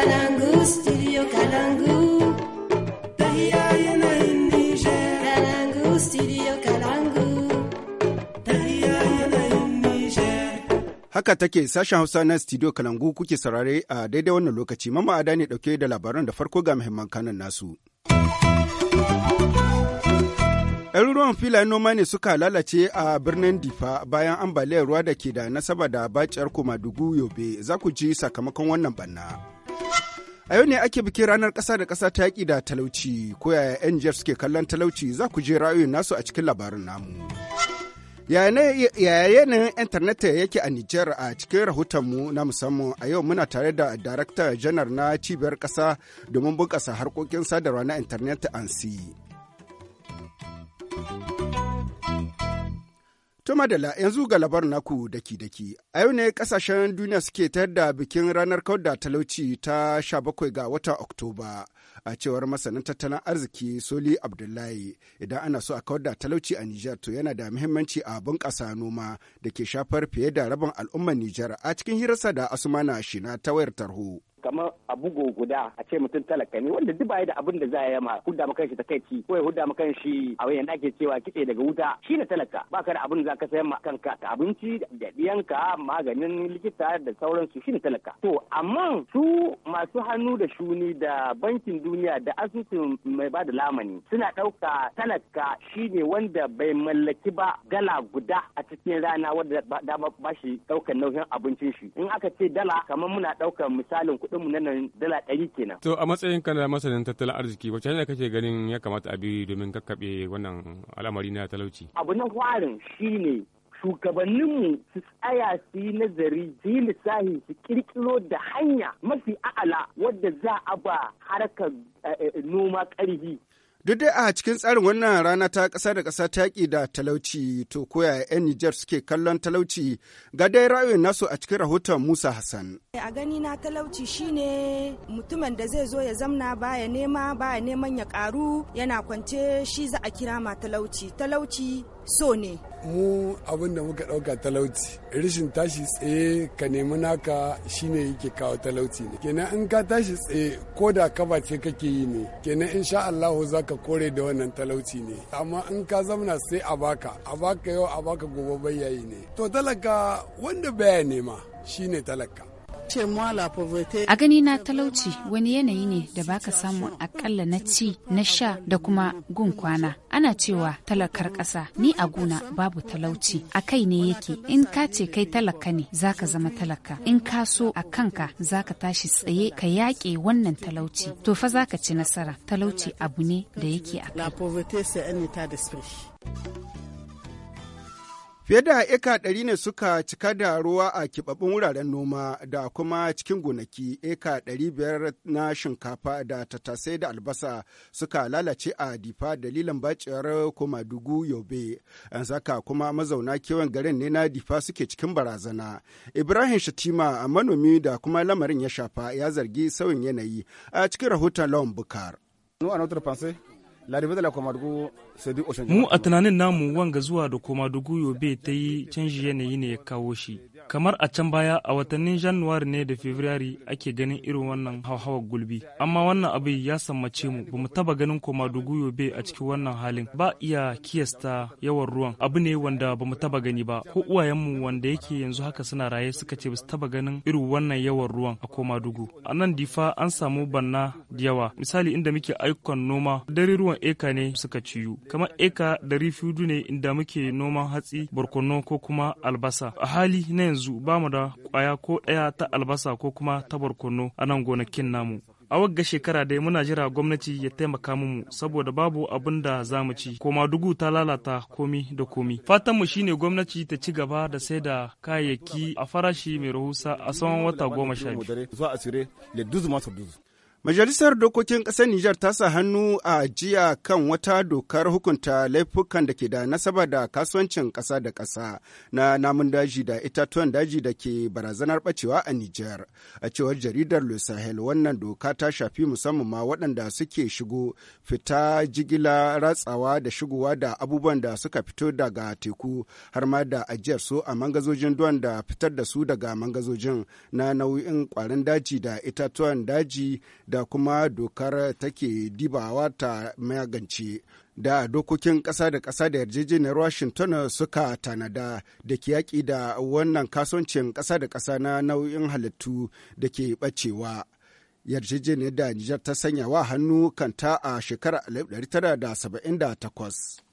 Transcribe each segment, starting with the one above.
Kalangu, Haka take sashen Hausa na studio Kalangu kuke saurare a daidai wannan lokaci. Mama Ada ne dauke da labaran da farko ga muhimman kanan nasu. ɗaruruwan filayen noma ne suka lalace a birnin difa bayan ambaliyar ruwa da ke da nasaba da baciyar komadugu yobe za ku ji sakamakon wannan banna. A yau ne ake bikin ranar ƙasa da kasa ta yaƙi da talauci, ko yaya 'yan jihar suke kallon talauci za ku je ra'ayoyin nasu a cikin labarin namu. Yaya yanayin intanet yake a Nijar a cikin rahotonmu na musamman a yau muna tare da Darakta Janar na Cibiyar Ƙasa domin bunƙasa harkokin sadarwa na intanet ANSI. To madala yanzu ga labar naku daki-daki. A yau ne kasashen duniya suke tayar da bikin ranar kawar da talauci ta 17 ga watan Oktoba. A cewar masanin tattalin arziki Soli Abdullahi, idan ana so a kawar da talauci a Nijar to yana da muhimmanci a bunƙasa noma da ke shafar fiye da rabin al'ummar Nijar a cikin hirarsa da Asumana Shina ta wayar tarho. kamar a bugo guda a ce mutum talaka ne wanda duk da abin da za ya yama hudda maka shi takaici ko ya hudda maka shi a wayan da ake cewa kitse daga wuta shine talaka baka da abin da za ka sayar ma kanka ta abinci da diyanka maganin likita da sauransu shi talaka to amma su masu hannu da shuni da bankin duniya da asusun mai ba da lamani suna ɗauka talaka shine wanda bai mallaki ba gala guda a cikin rana wadda ba shi ɗaukan nauyin abincin shi in aka ce dala kamar muna ɗaukan misalin kuɗin kasar mu nan dala ɗari kenan. To a matsayin kana masanin tattalin arziki wacce ne kake ganin ya kamata a bi domin kakkaɓe wannan al'amari na talauci? Abu na farin shine shugabanninmu su tsaya su yi nazari su yi lissahi su kirkiro da hanya mafi a'ala wadda za a ba harkar eh, eh, noma ƙarfi Duk dai a cikin tsarin wannan rana ta kasa da kasa ta yaƙi da talauci to koya 'yan Nijar suke kallon talauci ga dai ra'ayoyin nasu a cikin rahoton Musa Hassan. A gani na talauci shine mutumin da zai zo ya zamna baya nema baya neman ya ƙaru yana kwance shi za a kira ma talauci. Talauci so ne mu abin da muka ɗauka talauci rashin tashi tsaye ka nemi naka shine yake kawo talauci ne kenan in ka tashi tsaye ko da ka ce kake yi ne kenan in sha Allahu za ka kore da wannan talauci ne amma in ka zamna sai a baka a baka yau a baka gobe bayyayi ne to talaka wanda baya nema shine talaka A gani na talauci wani yanayi ne da baka samu akalla na ci na sha da kuma gun kwana. Ana cewa talakar ƙasa ni a guna babu talauci a kai ne yake in ka ce kai talaka ne zaka zama talaka in ka so a kanka zaka tashi tsaye ka yaƙe wannan talauci to fa zaka ci nasara talauci abu ne da yake a kai. Fiye da eka ɗari ne suka cika da ruwa a kibabbin wuraren noma da kuma cikin gonaki eka ɗari biyar na shinkafa da tattasai da albasa suka lalace a difa dalilin baciyar komadugu yobe. An saka kuma mazauna kewan garin ne na difa suke cikin barazana. Ibrahim Shatima a manomi da kuma lamarin ya shafa ya zargi sauyin yanayi a cikin rahoton lawan bukar. Mu a tunanin namu wanga zuwa da koma dugu yobe ta yi canji yanayi ne ya kawo shi. kamar a can baya a watannin januwari ne da fabrairu ake ganin irin wannan hauhawar gulbi amma wannan abu ya sammace mu bamu taba ganin koma dugu yobe a cikin wannan halin ba iya kiyasta yawan ruwan abu ne wanda bamu taba gani ba ko uwayenmu wanda yake yanzu haka suna raye suka ce basu taba ganin irin wannan yawan ruwan a koma dugu a nan difa an samu banna da yawa misali inda muke ayyukan noma dare ruwan eka ne suka ciyu kamar eka dari fiudu ne inda muke noman hatsi barkono ko kuma albasa a hali na yanzu yanzu ba mu da kwaya ko ɗaya ta albasa ko kuma ta barkono a nan gonakin namu a wagga shekara dai muna jira gwamnati ya taimaka mu saboda babu abin da za mu ci koma dugu ta lalata komi da komi fatanmu ne gwamnati ta ci gaba da sai da kayayyaki a farashi mai rahusa a tsawon wata goma sha biyu Majalisar Dokokin Ƙasar Nijar ta sa hannu a jiya kan wata dokar hukunta laifukan da ke da nasaba da kasuwancin ƙasa da ƙasa na namun daji da itatuwan daji da ke barazanar ɓacewa a Nijar. A cewar jaridar Le Sahel wannan doka ta shafi musamman ma waɗanda suke shigo fita jigila ratsawa da shigowa da abubuwan da suka fito daga teku har ma da ajiyar su a mangazojin duwan da fitar da su daga mangazojin na nau'in ƙwarin daji da itatuwan daji da kuma dokar take dibawa ta magance da dokokin ƙasa da ƙasa da yarjejeniyar washington suka tanada da ke yaƙi da wannan kasuwancin ƙasa da ƙasa na nau'in halittu da ke ɓacewa. yarjejeniyar da Nijar ta sanya wa hannu kanta a shekarar 1978.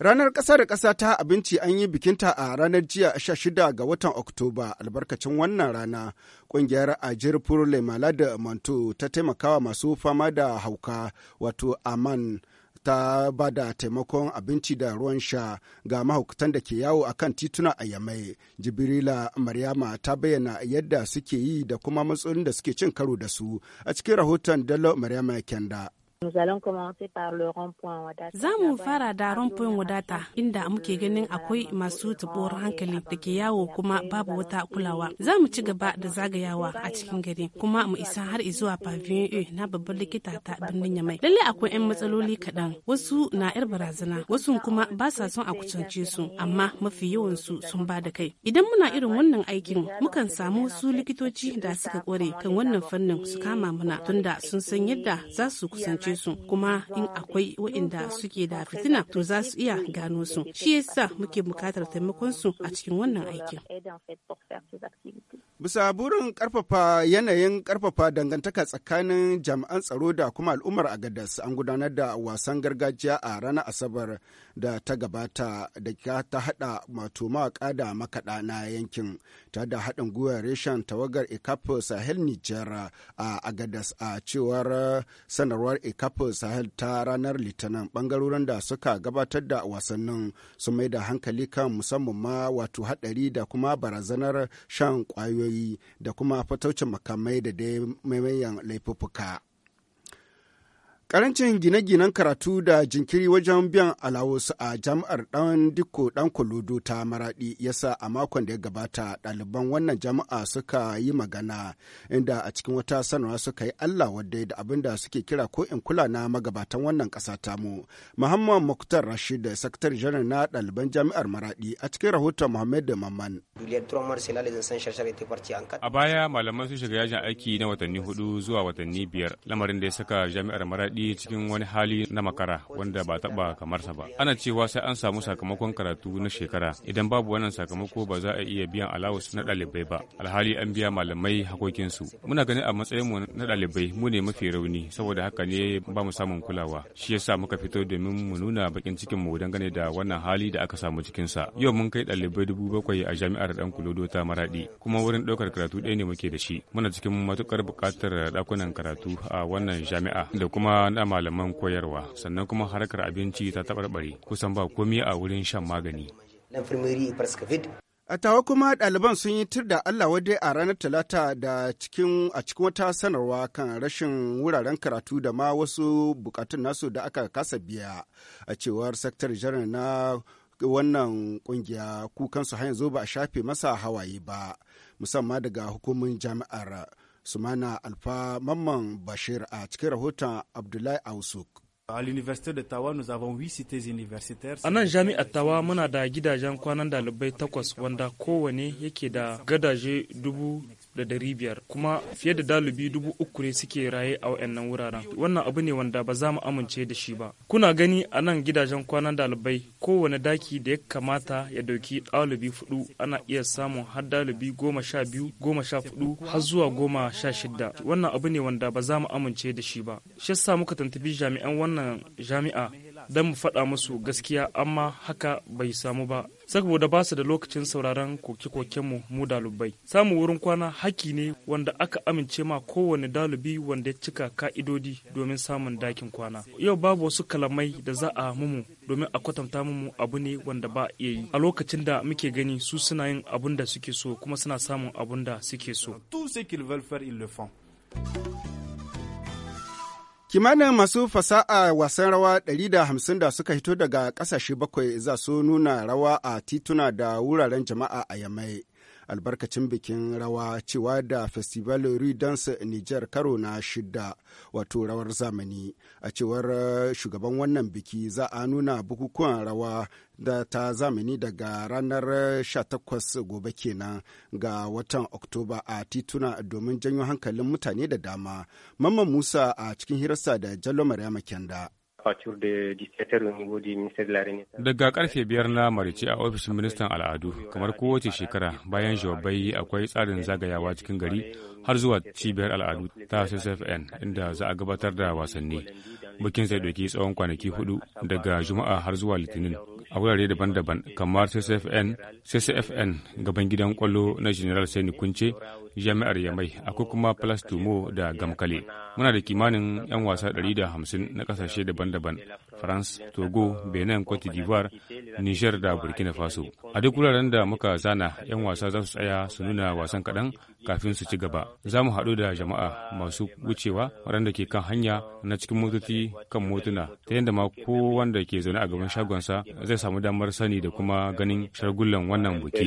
Ranar ƙasa da ƙasa ta abinci an yi bikinta a ranar jiya 16 ga watan Oktoba albarkacin wannan rana. Ƙungiyar Ajir Furle Malada Manto ta taimakawa masu fama da hauka wato Aman. ta ba da taimakon abinci da ruwan sha ga mahaukatan da ke yawo a kan tituna a yamai jibrila maryama ta bayyana yadda suke yi da kuma matsalolin da suke cin karo da su a cikin rahoton dalo maryama kenda Za mu fara da rompoyin wadata inda muke ganin akwai masu tabuwar hankali da ke yawo kuma babu wata kulawa. Za mu ci gaba da zagayawa a cikin gari kuma mu isa har zuwa pavilion A e na babban likita ta birnin Yamai. lallai akwai 'yan matsaloli kaɗan wasu na 'yar barazana wasu kuma ba sa son a kucance su amma mafi yawan su sun ba da kai. Idan muna irin wannan aikin mukan samu wasu likitoci da suka kware kan wannan fannin su kama muna tunda sun san yadda za su kusance bincike su kuma in akwai waɗanda suke da fitina to za su iya gano su shi yasa muke bukatar taimakon su a cikin wannan aikin bisa burin karfafa yanayin karfafa dangantaka tsakanin jami'an tsaro da kuma al'ummar agadas an gudanar da wasan gargajiya a ranar asabar da ta gabata da ta hada mato mawaka da makaɗa na yankin ta da haɗin gwiwar reshen tawagar ikapo sahel nijar a agadas a cewar sanarwar kafin sahel ta ranar litinin bangarorin da suka gabatar da wasannin su mai da hankali kan musamman ma wato hadari da kuma barazanar shan kwayoyi da kuma fataucin makamai da dai maimayan laifuffuka. Karancin gine-ginen karatu da jinkiri wajen biyan alawus a jami'ar ɗan diko ɗan kolodo ta maraɗi yasa a makon da ya gabata ɗaliban wannan jami'a suka yi magana inda a cikin wata sanarwa suka yi Allah wadda da abin da suke kira ko in kula na magabatan wannan ƙasa tamu. Muhammad Muktar Rashid da sakatar janar na ɗaliban jami'ar maraɗi a cikin rahoton Muhammad da Maman. A baya malaman sun shiga yajin aiki na watanni hudu zuwa watanni biyar lamarin da ya saka jami'ar maraɗi kuɗi cikin wani hali na makara wanda ba taɓa kamarsa ba. Ana cewa sai an samu sakamakon karatu na shekara. Idan babu wannan sakamako ba za a iya biyan alawus na ɗalibai ba. Alhali an biya malamai hakokinsu. Muna ganin a matsayinmu na ɗalibai mu ne mafi rauni saboda haka ne ba mu samun kulawa. Shi yasa muka fito domin mu nuna bakin cikin mu dangane da wannan hali da aka samu cikinsa. Yau mun kai ɗalibai dubu bakwai a jami'ar ɗan kulodo ta Maraɗi kuma wurin ɗaukar karatu ɗaya ne muke da shi. Muna cikin matuƙar buƙatar ɗakunan karatu a wannan jami'a da kuma da malaman koyarwa sannan kuma harkar abinci ta tabarbare kusan ba komi a wurin shan magani. A tawa kuma ɗaliban sun yi tir da Allah wadai a ranar Talata da cikin a cikin wata sanarwa kan rashin wuraren karatu da ma wasu bukatun nasu da aka kasa biya a cewar Sektar Janar na wannan kungiya kukansu har zo ba a shafe masa hawaye ba musamman daga hukumin jami'ar. Sumana Alfa Mamman Bashir a cikin rahoton Abdullahi Ausuk. A nan jami'ar Tawa muna da gidajen kwanan dalibai takwas wanda kowane yake da gadaje dubu da dari biyar kuma fiye da dalibi dubu uku ne suke raye a wayannan wuraren wannan abu ne wanda ba za mu amince da shi ba kuna gani a nan gidajen kwanan dalibai kowane daki da ya kamata ya dauki dalibi hudu ana iya samun har dalibi goma sha biyu goma sha hudu har zuwa goma sha shida wannan abu ne wanda ba za mu amince da shi ba shi yasa muka tantabi jami'an wannan jami'a don mu faɗa musu gaskiya amma haka bai samu ba saboda ba su da lokacin sauraron koke-kokenmu mu dalibai samun wurin kwana haki ne wanda aka amince ma kowane dalibi wanda ya cika ka'idodi domin samun dakin kwana yau babu wasu kalamai da za a mumu domin a kwatanta mumu abu ne wanda ba iya yi a lokacin da muke gani su suna yin abun da suke so kuma suna samun abun da suke so Kimanin masu fasa'a wasan rawa 150 da suka hito daga ƙasashe bakwai za su nuna rawa a tituna da wuraren jama'a a Yamai. albarkacin bikin rawa cewa da festival Dance Niger karo na shida wato rawar zamani a cewar eh, shugaban wannan biki za a nuna bukukuwan rawa da ta zamani daga ranar 18 eh, gobe kenan ga watan Oktoba a tituna domin janyo hankalin mutane da dama. Mamman Musa a cikin hirarsa da Jallo Maryama Kenda. Daga karfe biyar na marice a ofishin ministan al'adu kamar kowace shekara bayan jawabai akwai tsarin zagayawa cikin gari har zuwa cibiyar al'adu ta SSFN inda za a gabatar da wasanni. Bikin zai ɗauki tsawon kwanaki hudu daga Juma'a har zuwa Litinin a wurare daban-daban kamar CCFN, gaban gidan kwallo na General Sani Kunce jami'ar Yamai, akwai kuma Plus da Gamkale. Muna da kimanin 'yan wasa 150 na kasashe daban-daban, France, Togo, Benin, Cote d'Ivoire, Niger da Burkina Faso. A duk wuraren da muka zana 'yan wasa za su tsaya su nuna wasan kaɗan kafin su ci gaba. Za mu haɗu da jama'a masu wucewa waɗanda ke kan hanya na cikin motoci kan motuna ta yadda ma ko wanda ke zaune a gaban shagonsa zai samu damar sani da kuma ganin shargullan wannan buki.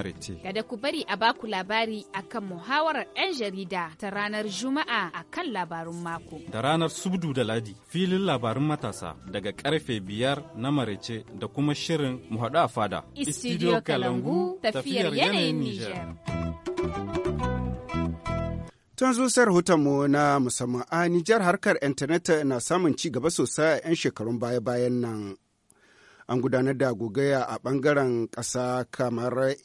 maraice. Kada ku bari a baku labari akan muhawarar 'yan jarida ta ranar Juma'a a kan labarun mako. Da ranar Subdu da Ladi filin labarun matasa daga karfe biyar na maraice da kuma shirin mu a fada. Istidiyo Kalangu tafiyar yanayin Nijar. Tun zusar hutanmu na musamman a Nijar harkar intanet na samun ci gaba sosai a 'yan shekarun baya-bayan nan. an gudanar da gogaya a bangaren ƙasa kamar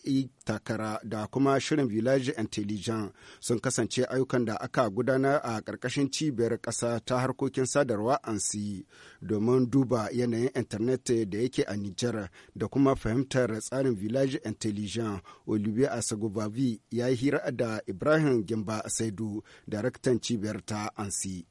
takara da kuma shirin village intelligence sun kasance ayyukan da aka gudanar a ƙarƙashin cibiyar ƙasa ta harkokin sadarwa ansi domin duba yanayin intanet da yake a nijar da kuma fahimtar tsarin village intelligence olivier asagobavi ya yi hira da ibrahim gimba saidu daraktan cibiyar ta ansi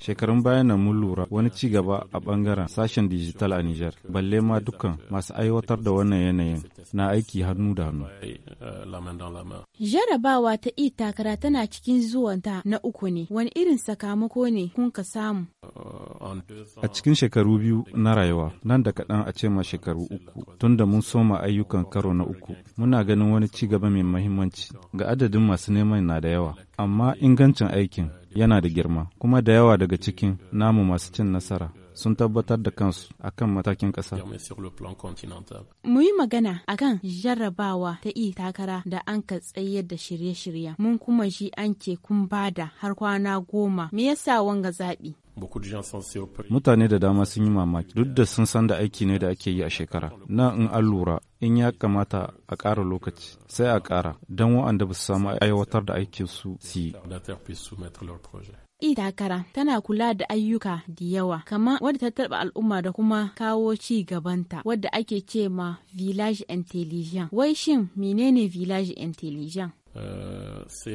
Shekarun baya na mun lura wani ci gaba a bangaren sashen dijital a Nijar, balle ma dukkan masu aiwatar da wannan yanayin na aiki hannu da hannu. Euh, Jarabawa ta i takara tana cikin zuwanta na uku ne, wani irin sakamako ne kun ka samu? Euh, a cikin shekaru biyu na rayuwa, nan da kaɗan a ce ma shekaru uku, tun mun soma ayyukan karo na uku, muna ganin wani ci gaba mai mahimmanci ga adadin masu neman na da yawa, amma ingancin aikin yana da girma kuma da yawa daga cikin namu masu cin nasara sun tabbatar da kansu akan matakin ƙasa. Mu yi magana kan jarrabawa ta yi takara da an ka tsayar da shirye shirye mun kuma shi an ce kun bada har kwana goma me yasa wanga zaɓi Mutane da dama sun yi mamaki duk da sun san da aiki ne da ake yi a shekara. Na in an lura in ya kamata a ƙara lokaci sai a ƙara don waɗanda ba su samu aiwatar da aikinsu su yi. takara tana kula da ayyuka da yawa, kama wadda ta taɓa al'umma da kuma kawo ci gabanta, wadda ake ce ma Village Intelligent. Wai shin menene Village Intelligent?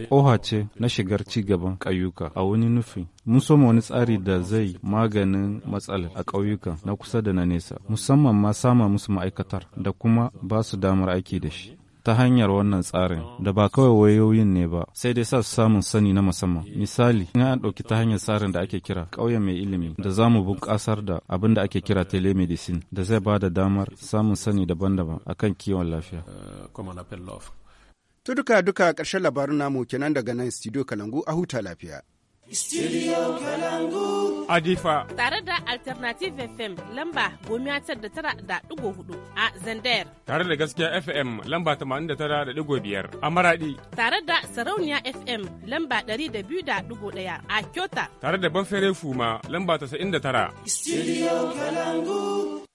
Oha ce na shigar ci gaban ƙauyuka a wani nufi. Mun soma wani tsari da zai maganin matsalar a ƙauyuka na kusa da na nesa, musamman ma sama musu ma'aikatar da kuma ba su damar aiki da shi. ta hanyar wannan tsarin da ba kawai wayoyin ne ba sai dai sa su samun sani na musamman misali in an ɗauki ta hanyar tsarin da ake kira ƙauye mai ilimi da za mu bunƙasar da abin da ake kira telemedicine da zai ba da damar samun sani daban-daban akan kiwon lafiya eh, To duka duka ƙarshen labarin namu kenan daga nan studio Kalangu a huta lafiya. Studio Kalangu. Adifa. Tare da Alternative FM lamba gomiya tar da tara da ɗigo hudu a Zandayar. Tare da gaskiya FM lamba tamanin da tara da ɗigo biyar a Maradi. Tare da Sarauniya FM lamba ɗari da biyu da ɗigo ɗaya a Kyota. Tare da Banfere Fuma lamba tasa'in da tara. Studio Kalangu.